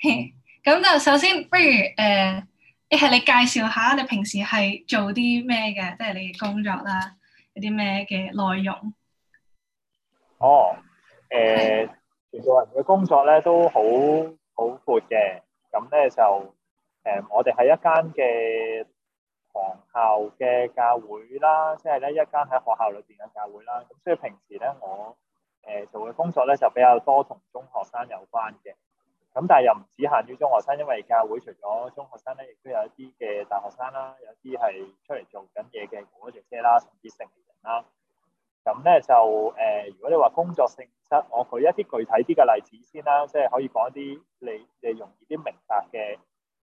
咁 就首先，不如誒一係你介紹下你平時係做啲咩嘅，即、就、係、是、你嘅工作啦，有啲咩嘅內容？哦，誒、呃，傳道人嘅工作咧都好好闊嘅，咁咧就誒、呃，我哋係一間嘅堂校嘅教會啦，即係咧一間喺學校裏邊嘅教會啦。咁所以平時咧，我誒、呃、做嘅工作咧就比較多同中學生有關嘅。咁但係又唔止限於中學生，因為教會除咗中學生咧，亦都有一啲嘅大學生啦，有啲係出嚟做緊嘢嘅在職者啦，甚至成年人啦。咁、嗯、咧就誒、呃，如果你話工作性質，我舉一啲具體啲嘅例子先啦，即係可以講一啲你你容易啲明白嘅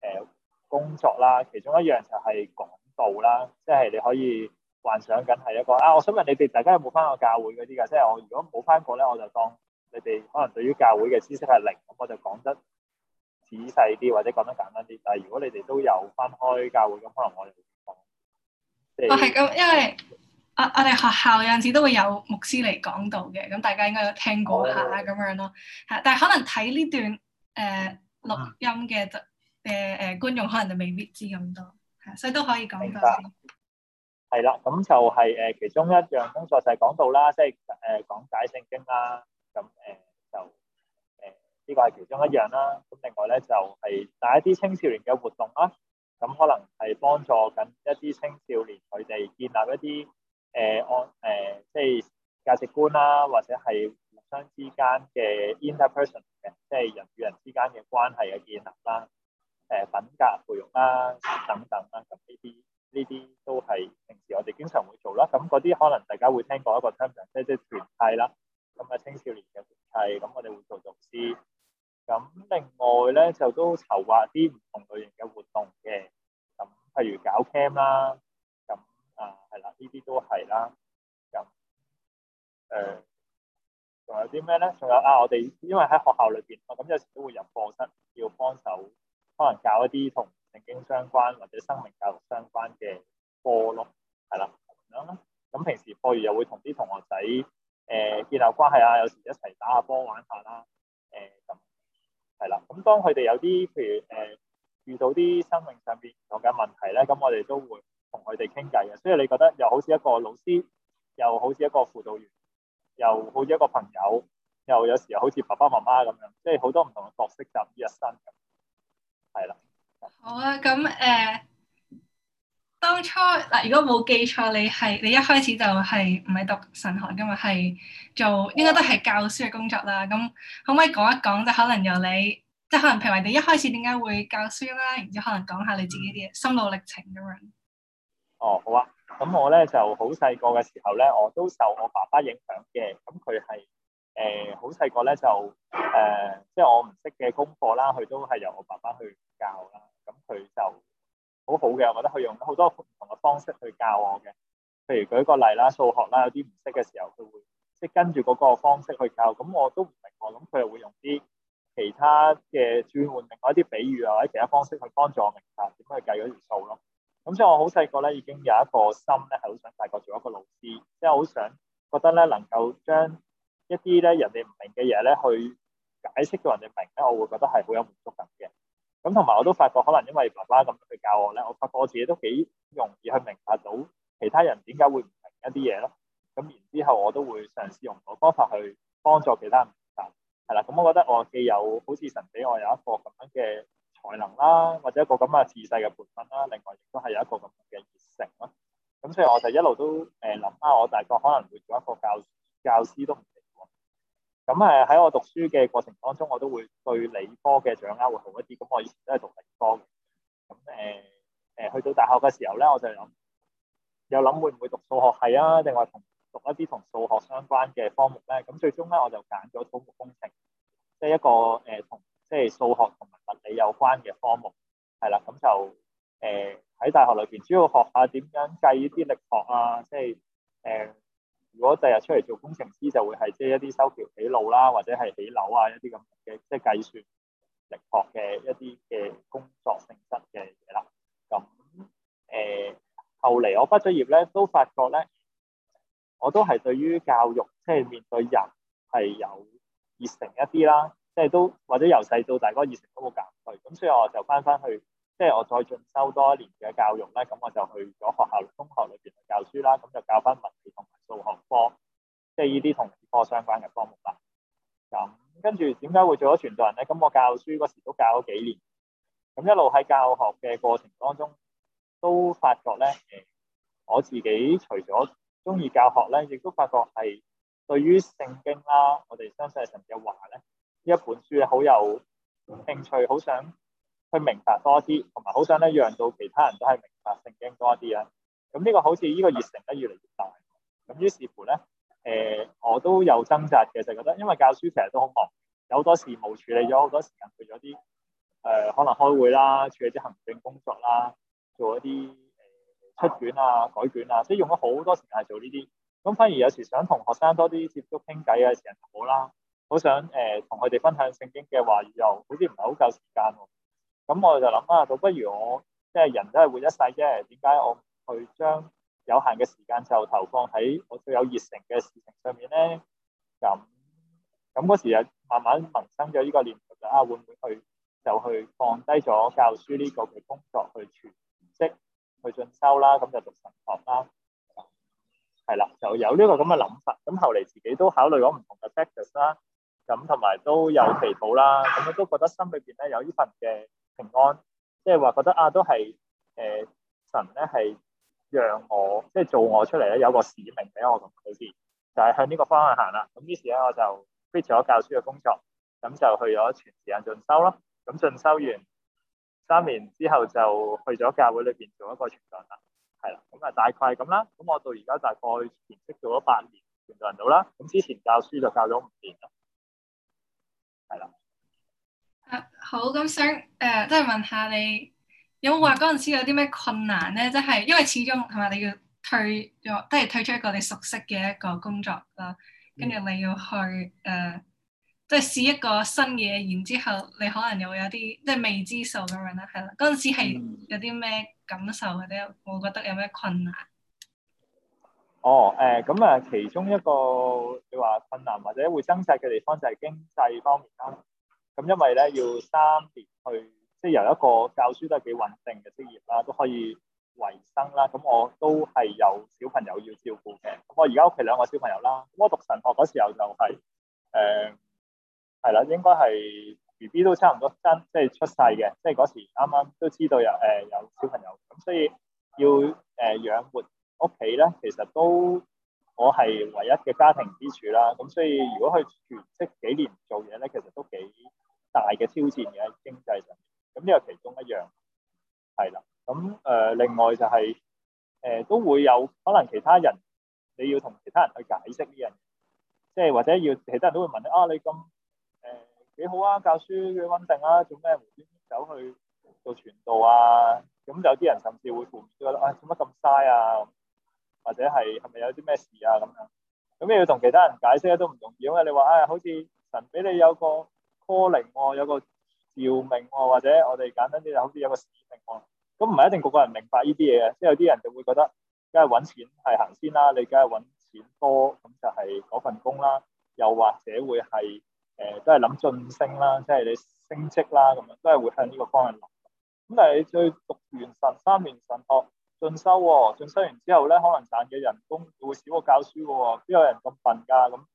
誒工作啦。其中一樣就係講道啦，即係你可以幻想緊係一個啊。我想問你哋大家有冇返過教會嗰啲㗎？即係我如果冇返過咧，我就當。你哋可能對於教會嘅知識係零，咁我就講得仔細啲，或者講得簡單啲。但係如果你哋都有翻開教會，咁可能我就我係咁，因為我我哋學校有陣時都會有牧師嚟講道嘅，咁大家應該有聽過下咁、哦、樣咯。係，但係可能睇呢段誒錄、呃、音嘅嘅誒觀眾，可能就未必知咁多，係，所以都可以講到。係啦，咁就係誒其中一樣工作就係講道啦，即係誒講解聖經啦。咁誒、呃、就誒呢、呃，這個係其中一樣啦。咁另外咧，就係、是、帶一啲青少年嘅活動啦。咁可能係幫助緊一啲青少年佢哋建立一啲誒安誒即係價值觀啦，或者係互相之間嘅 interpersonal 嘅，ality, 即係人與人之間嘅關係嘅建立啦。誒、呃、品格培育啦等等啦。咁呢啲呢啲都係平時我哋經常會做啦。咁啲可能大家會聽過一個 term，ain, 即係團體啦，咁、那、啊、個、青少年。係咁，我哋會做導師。咁另外咧，就都籌劃啲唔同類型嘅活動嘅。咁譬如搞 camp 啦，咁啊係啦，呃、呢啲都係啦。咁誒，仲有啲咩咧？仲有啊，我哋因為喺學校裏邊，咁有時都會入課室要幫手，可能教一啲同聖經相關或者生命教育相關嘅科咯。係啦，咁樣。咁平時課餘又會同啲同學仔。誒、呃、建立關係啊，有時一齊打下波玩下啦，誒咁係啦。咁當佢哋有啲譬如誒、呃、遇到啲生命上面唔同嘅問題咧，咁、嗯、我哋都會同佢哋傾偈嘅。所以你覺得又好似一個老師，又好似一個輔導員，又好似一個朋友，又有時又好似爸爸媽媽咁樣，即係好多唔同嘅角色集於一身咁。係啦。好啊，咁誒。Uh 當初嗱，如果冇記錯，你係你一開始就係唔係讀神學㗎嘛，係做應該都係教書嘅工作啦。咁可唔可以講一講？就可能由你，即係可能譬如話你一開始點解會教書啦，然之後可能講下你自己啲心路歷程咁樣。嗯、哦，好啊。咁我咧就好細個嘅時候咧，我都受我爸爸影響嘅。咁佢係誒好細個咧就誒，即、呃、係、就是、我唔識嘅功課啦，佢都係由我爸爸去教啦。咁佢就。好好嘅，我覺得佢用好多唔同嘅方式去教我嘅。譬如舉個例啦，數學啦，有啲唔識嘅時候，佢會即跟住嗰個方式去教。咁我都唔明喎，咁佢又會用啲其他嘅轉換另外一啲比喻啊，或者其他方式去幫助我明白點樣去計嗰條數咯。咁所以我，我好細個咧已經有一個心咧，係好想大個做一個老師，即係好想覺得咧能夠將一啲咧人哋唔明嘅嘢咧去解釋到人哋明咧，我會覺得係好有滿足感嘅。咁同埋我都發覺，可能因為爸爸咁樣去教我咧，我發覺我自己都幾容易去明白到其他人點解會唔明一啲嘢咯。咁然之後我都會嘗試用嗰個方法去幫助其他人明白。係啦，咁我覺得我既有好似神俾我有一個咁樣嘅才能啦，或者一個咁嘅自細嘅培訓啦，另外亦都係有一個咁嘅熱誠咯。咁所以我就一路都誒諗返，我大概可能會做一個教教師都。咁誒喺我讀書嘅過程當中，我都會對理科嘅掌握會好一啲。咁我以前都係讀理科嘅。咁誒誒去到大學嘅時候咧，我就諗又諗會唔會讀數學系啊，定係同讀一啲同數學相關嘅科目咧？咁最終咧，我就揀咗土木工程，就是呃，即係一個誒同即係數學同埋物理有關嘅科目。係啦，咁就誒喺、呃、大學裏邊主要學下點樣計呢啲力學啊，即係誒。呃如果第日出嚟做工程師就會係即係一啲修橋起路啦，或者係起樓啊一啲咁嘅即係計算力學嘅一啲嘅工作性質嘅嘢啦。咁誒、呃、後嚟我畢咗業咧，都發覺咧我都係對於教育即係、就係、面對人係有熱誠一啲啦，即係都或者由細到大嗰個熱誠都冇減退。咁所以我就翻返去。即係我再進修多一年嘅教育咧，咁我就去咗學校中學裏邊去教書啦，咁就教翻文理同埋數學科，即係呢啲同理科相關嘅科目啦。咁跟住點解會做咗傳道人咧？咁我教書嗰時都教咗幾年，咁一路喺教學嘅過程當中，都發覺咧，誒，我自己除咗中意教學咧，亦都發覺係對於聖經啦，我哋相信神嘅話咧，呢一本書好有興趣，好想。佢明白多啲，同埋好想咧讓到其他人都係明白聖經多啲啊！咁呢個好似呢個熱誠得越嚟越大。咁於是乎咧，誒、呃、我都有掙扎嘅，就覺得因為教書成日都好忙，有好多事務處理咗，好多時間去咗啲誒可能開會啦，處理啲行政工作啦，做一啲誒、呃、出卷啊、改卷啊，所以用咗好多時間做呢啲。咁反而有時想同學生多啲接觸傾偈嘅時候就好啦，好想誒同佢哋分享聖經嘅話又好似唔係好夠時間喎。咁我就諗啊，倒不如我即係人都係活一世啫，點解我去將有限嘅時間就投放喺我最有熱誠嘅事情上面咧？咁咁嗰時啊，慢慢萌生咗呢個念頭就啊，會唔會去就去放低咗教書呢個嘅工作去全職去進修啦，咁就讀神學啦，係啦，就有呢個咁嘅諗法。咁後嚟自己都考慮咗唔同嘅 factors 啦，咁同埋都有祈禱啦，咁我都覺得心裏邊咧有呢份嘅。平安，即係話，覺得啊，都係誒、呃、神咧係讓我即係做我出嚟咧，有個使命俾我同佢、就是就係向呢個方向行啦。咁於是咧，我就辭咗教書嘅工作，咁就去咗全時間進修咯。咁進修完三年之後，就去咗教會裏邊做一個傳道人。係啦，咁啊，大概係咁啦。咁我到而家大概全職做咗八年傳道人到啦。咁之前教書就教咗五年咯。係啦。好，咁、嗯、想誒，即、呃、係問下你有冇話嗰陣時有啲咩困難咧？即、就、係、是、因為始終係嘛，你要退咗，即係退出一個你熟悉嘅一個工作啦，跟住、嗯、你要去誒，即、呃、係試一個新嘢，然之後你可能又會有啲即係未知數咁樣啦，係啦，嗰陣時係有啲咩感受、嗯、或者我覺得有咩困難？哦，誒、呃，咁啊，其中一個你話困難或者會掙扎嘅地方就係經濟方面啦。咁因為咧要三年去，即係由一個教書都係幾穩定嘅職業啦，都可以維生啦。咁我都係有小朋友要照顧嘅。咁我而家屋企兩個小朋友啦。咁我讀神學嗰時候就係誒係啦，應該係 B B 都差唔多跟即係出世嘅，即係嗰時啱啱都知道有誒有小朋友。咁所以要誒養活屋企咧，其實都我係唯一嘅家庭支柱啦。咁所以如果去全職幾年做嘢咧，其實～大嘅挑戰嘅經濟上面，咁呢個其中一樣係啦。咁誒，另外就係誒都會有可能其他人，你要同其他人去解釋呢樣嘢，即係或者要其他人都會問你啊，你咁誒幾好啊？教書嘅穩定啊，做咩無端端走去做傳道啊？咁有啲人甚至會反對啦，啊做乜咁嘥啊？或者係係咪有啲咩事啊咁樣？咁你要同其他人解釋咧都唔容易，因為你話啊，好似神俾你有個。c a l l i 喎，calling, 有個召命喎，或者我哋簡單啲就好似有個使命喎。咁唔係一定個個人明白呢啲嘢，即係有啲人就會覺得，梗係揾錢係行先啦。你梗係揾錢多，咁就係嗰份工啦。又或者會係誒、呃，都係諗晉升啦，即係你升職啦，咁樣都係會向呢個方向落。咁但係你最讀完神三年神學、哦、進修喎、哦，進修完之後咧，可能賺嘅人工就會少過教書嘅喎、哦。邊有人咁笨㗎咁？嗯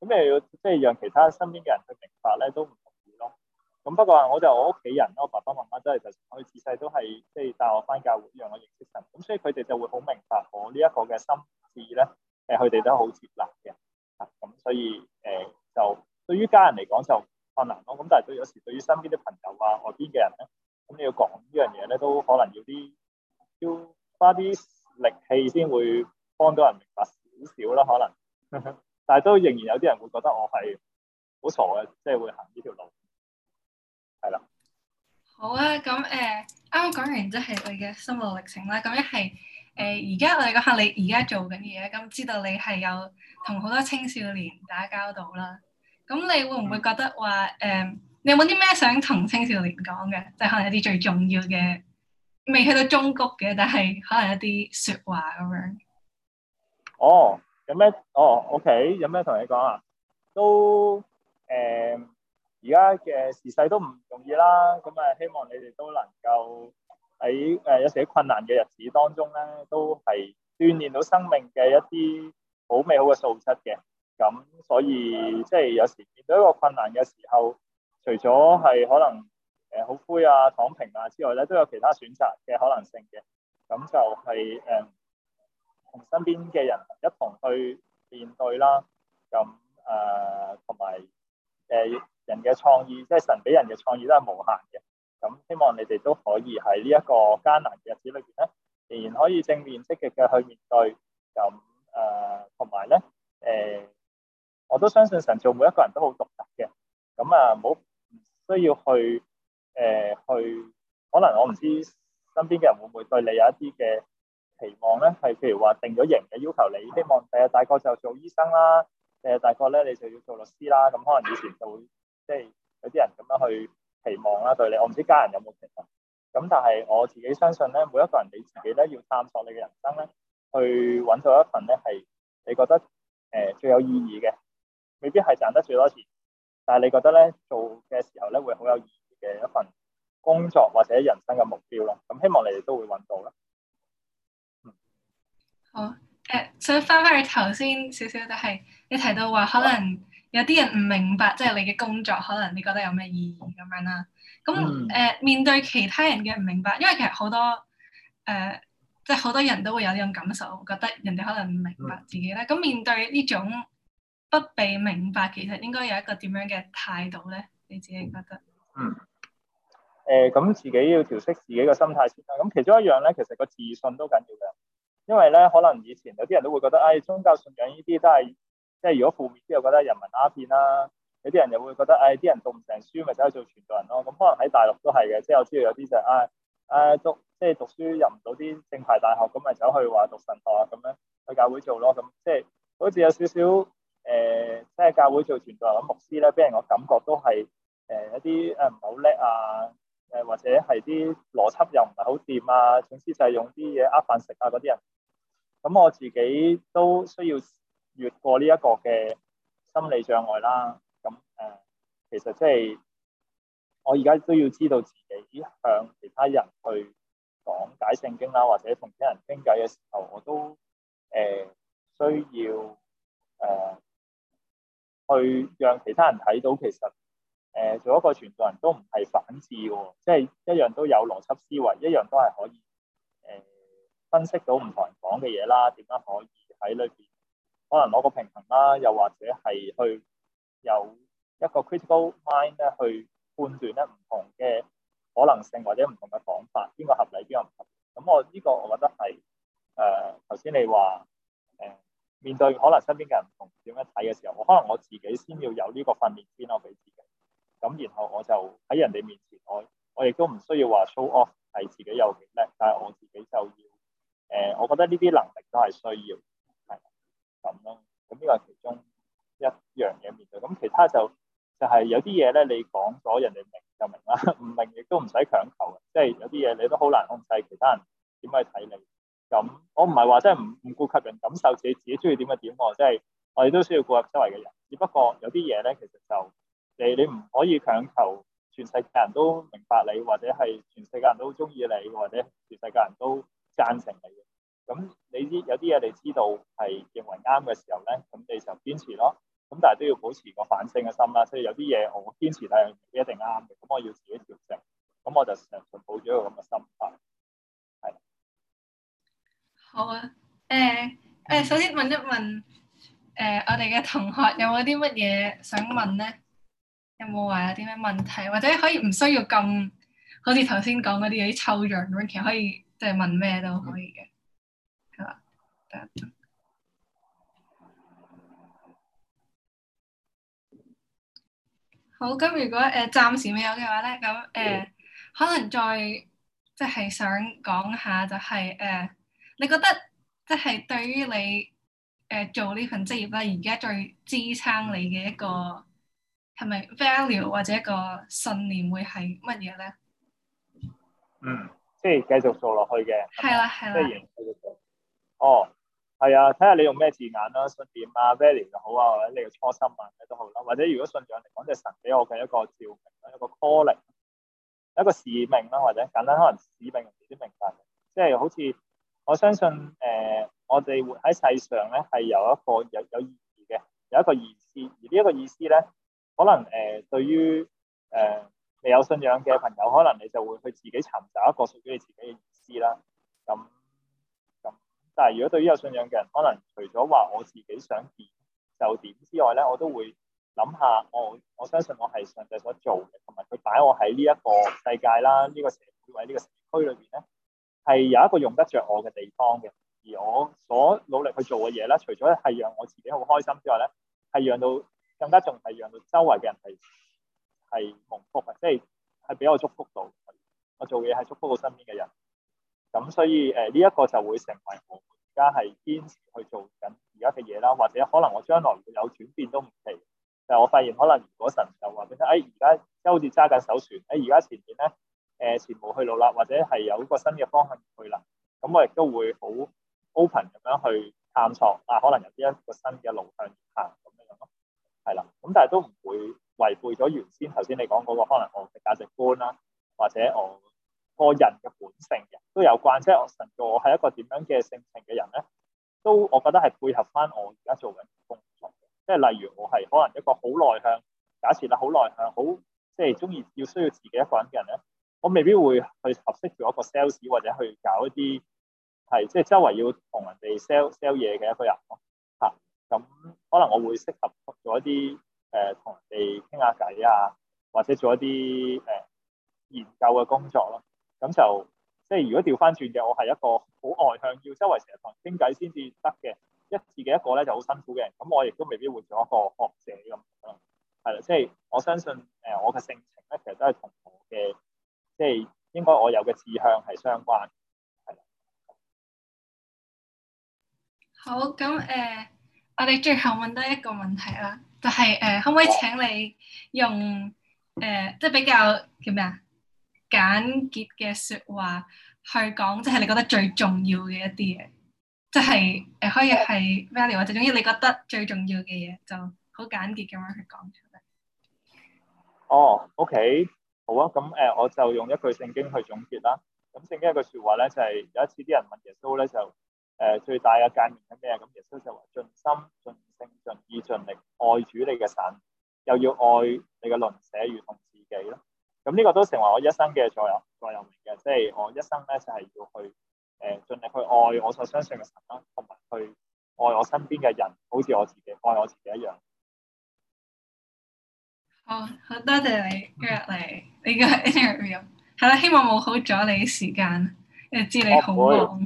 咁又要即係讓其他身邊嘅人去明白咧，都唔容易咯。咁不過我就我屋企人咯，我爸爸媽媽都係就佢自細都係即係帶我翻教會樣，讓我認識神。咁所以佢哋就會好明白我呢一個嘅心志咧。誒、呃，佢哋都好接納嘅。啊，咁所以誒、呃，就對於家人嚟講就困難咯。咁但係對有時對於身邊啲朋友啊、外邊嘅人咧，咁你要講呢樣嘢咧，都可能要啲要花啲力氣先會幫到人明白少少啦，可能。 但係都仍然有啲人會覺得我係好傻嘅，即係會行呢條路，係啦。好啊，咁誒，啱啱講完即係你嘅心路歷程啦。咁一係誒，而家我哋講下你而家做緊嘅嘢。咁知道你係有同好多青少年打交道啦。咁你會唔會覺得話誒，你有冇啲咩想同青少年講嘅？即係可能一啲最重要嘅，未去到終局嘅，但係可能一啲説話咁樣。哦。有咩？哦，OK，有咩同你講啊？都誒，而家嘅時勢都唔容易啦。咁、嗯、啊，希望你哋都能夠喺誒、呃、有時啲困難嘅日子當中咧，都係鍛鍊到生命嘅一啲好美好嘅素質嘅。咁、嗯、所以、嗯、即係有時見到一個困難嘅時候，除咗係可能誒好灰啊、躺平啊之外咧，都有其他選擇嘅可能性嘅。咁、嗯、就係、是、誒。嗯身邊嘅人一同去面對啦，咁誒同埋誒人嘅創意，即係神俾人嘅創意都係無限嘅。咁希望你哋都可以喺呢一個艱難嘅日子裏邊咧，仍然可以正面積極嘅去面對。咁誒同埋咧誒，我都相信神做每一個人都好獨特嘅。咁啊，冇需要去誒去，可能我唔知身邊嘅人會唔會對你有一啲嘅。期望咧，係譬如話定咗型嘅要求你，希望第日大個就做醫生啦，第日大個咧你就要做律師啦。咁可能以前就會即係有啲人咁樣去期望啦對你，我唔知家人有冇期望。咁但係我自己相信咧，每一個人你自己咧要探索你嘅人生咧，去揾到一份咧係你覺得誒、呃、最有意義嘅，未必係賺得最多錢，但係你覺得咧做嘅時候咧會好有意義嘅一份工作或者人生嘅目標咯。咁希望你哋都會揾到啦。誒、呃，想翻翻去頭先少少，就係你提到話，可能有啲人唔明白，即係你嘅工作，可能你覺得有咩意義咁樣啦。咁誒、呃，面對其他人嘅唔明白，因為其實好多誒、呃，即係好多人都會有呢種感受，會覺得人哋可能唔明白自己咧。咁、嗯、面對呢種不被明白，其實應該有一個點樣嘅態度咧？你自己覺得？嗯。誒、嗯，咁、呃、自己要調適自己嘅心態先啦。咁其中一樣咧，其實個自信都緊要嘅。因為咧，可能以前有啲人都會覺得，誒、哎、宗教信仰呢啲都係，即係如果負面之後覺得人民鴉片啦、啊，有啲人又會覺得，誒、哎、啲人讀唔成書咪走去做傳道人咯。咁、嗯、可能喺大陸都係嘅，即係我知道有啲就係，誒、哎、誒讀即係讀書入唔到啲正牌大學，咁咪走去話讀神學啊，咁樣去教會做咯。咁、嗯、即係好似有少少誒、呃，即係教會做傳道人或者牧師咧，俾人個感覺都係誒、呃、一啲誒唔係好叻啊，誒或者係啲邏輯又唔係好掂啊，總之就係用啲嘢呃飯食啊嗰啲人。咁我自己都需要越過呢一個嘅心理障礙啦。咁誒、呃，其實即係我而家都要知道自己向其他人去講解聖經啦，或者同其他人傾偈嘅時候，我都誒、呃、需要誒、呃、去讓其他人睇到其實誒、呃、做一個傳道人都唔係反智嘅，即、就、係、是、一樣都有邏輯思維，一樣都係可以誒、呃分析到唔同人講嘅嘢啦，點樣可以喺裏邊可能攞個平衡啦？又或者係去有一個 critical mind 咧，去判斷咧唔同嘅可能性或者唔同嘅講法，邊個合理，邊個唔合理？咁、嗯、我呢、呢個我覺得係誒頭先你話誒、呃、面對可能身邊嘅人唔同點樣睇嘅時候，我可能我自己先要有呢個訓練先咯，俾自己咁、嗯，然後我就喺人哋面前，我我亦都唔需要話 show off 係自己有幾叻，但係我自己就要。誒、呃，我覺得呢啲能力都係需要，係咁咯。咁呢個係其中一樣嘢，面對。咁其他就就係、是、有啲嘢咧，你講咗人哋明就明啦，唔明亦都唔使強求嘅。即係有啲嘢你都好難控制，其他人點去睇你。咁我唔係話即係唔唔顧及人感受，自己自己中意點就點。即係我哋都需要顧及周圍嘅人。只不過有啲嘢咧，其實就你你唔可以強求全世界人都明白你，或者係全世界人都中意你，或者全世界人都贊成你嘅，咁你知，有啲嘢你知道係認為啱嘅時候咧，咁你就堅持咯。咁但係都要保持個反省嘅心啦。所以有啲嘢我堅持係一定啱嘅，咁我要自己調整。咁我就成日保咗一個咁嘅心態。係。好啊。誒、呃、誒，首先問一問誒、呃，我哋嘅同學有冇啲乜嘢想問咧？有冇話有啲咩問題，或者可以唔需要咁，好似頭先講嗰啲有啲抽象咁，其實可以。即係問咩都可以嘅，嗯、好，咁如果誒、呃、暫時未有嘅話咧，咁誒、呃、可能再即係、就是、想講下、就是，就係誒你覺得即係、就是、對於你誒、呃、做呢份職業咧，而家最支撐你嘅一個係咪 value 或者一個信念會係乜嘢咧？嗯。即係繼續做落去嘅，即係延續做。哦，係啊，睇下、啊嗯啊、你用咩字眼啦，順便啊，value 又好啊，或者你個初心啊，咩都好啦。或者如果信仰嚟講，即神俾我嘅一個召命，一個 calling，一個使命啦，或者簡單可能使命明白，自己啲咩名。即係好似我相信誒、呃，我哋活喺世上咧係有一個有有意義嘅，有一個意思。而呢一個意思咧，可能誒、呃、對於誒。呃有信仰嘅朋友，可能你就會去自己尋找一個屬於你自己嘅意思啦。咁咁，但係如果對於有信仰嘅人，可能除咗話我自己想點就點之外咧，我都會諗下我我相信我係上帝所做嘅，同埋佢擺我喺呢一個世界啦，呢個社會或者呢個社區裏邊咧，係有一個用得着我嘅地方嘅。而我所努力去做嘅嘢咧，除咗係讓我自己好開心之外咧，係讓到更加仲係讓到周圍嘅人係。係蒙福嘅，即係係比較祝福到我做嘢，係祝福我身邊嘅人。咁所以誒，呢、呃、一個就會成為我而家係堅持去做緊而家嘅嘢啦。或者可能我將來會有轉變都唔奇。但係我發現可能如果神就話俾我聽，誒而家即係好似揸緊手船，誒而家前面咧誒、呃、前無去路啦，或者係有一個新嘅方向去啦。咁我亦都會好 open 咁樣去探索啊，可能有呢一個新嘅路向行咁樣咯。係啦，咁但係都唔會。違背咗原先頭先你講嗰個可能我嘅價值觀啦，或者我個人嘅本性嘅都有關。即係我甚至我係一個點樣嘅性情嘅人咧，都我覺得係配合翻我而家做緊工作嘅。即係例如我係可能一個好內向，假設啦好內向，好即係中意要需要自己一個人嘅人咧，我未必會去合適做一個 sales 或者去搞一啲係即係周圍要同人哋 sell sell 嘢嘅一個人咯。嚇，咁可能我會適合做一啲。誒，同、呃、人哋傾下偈啊，或者做一啲誒、呃、研究嘅工作咯。咁就即係如果調翻轉嘅，我係一個好外向，要周圍成日同人傾偈先至得嘅，一自己一個咧就好辛苦嘅人。咁我亦都未必會做一個學者咁樣。係啦，即係我相信誒、呃，我嘅性情咧，其實都係同我嘅即係應該我有嘅志向係相關。係啦。好，咁誒、呃、我哋最後問多一個問題啦。就係誒，可唔可以請你用誒，即、呃、係、就是、比較叫咩啊？簡潔嘅説話去講，即係你覺得最重要嘅一啲嘢，即係誒可以係 value 或者總之你覺得最重要嘅嘢，就好簡潔咁樣去講出嚟。哦，OK，好啊，咁誒、呃、我就用一句聖經去總結啦。咁聖經一句説話咧就係、是、有一次啲人問耶穌咧就誒、呃、最大嘅誡命係咩啊？咁耶穌就話盡心、盡性、盡意、盡力。愛主你嘅神，又要愛你嘅鄰舍，如同自己咯。咁呢個都成為我一生嘅座右座右銘嘅，即係、就是、我一生咧就係、是、要去誒盡、呃、力去愛我所相信嘅神啦，同埋去愛我身邊嘅人，好似我自己愛我自己一樣。哦，好多謝你今，今日嚟。你呢個 interview 係啦，希望冇好阻你時間，因為知你好忙。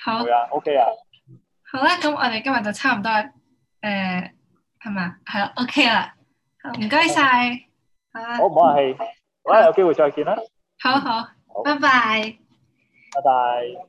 好。會啊，OK 啊。好啦，咁我哋今日就差唔多誒。呃係嘛？係啊，OK 啦，唔該晒，好唔好啊？係，嗱，有機會再見啦，好好，拜拜，拜拜。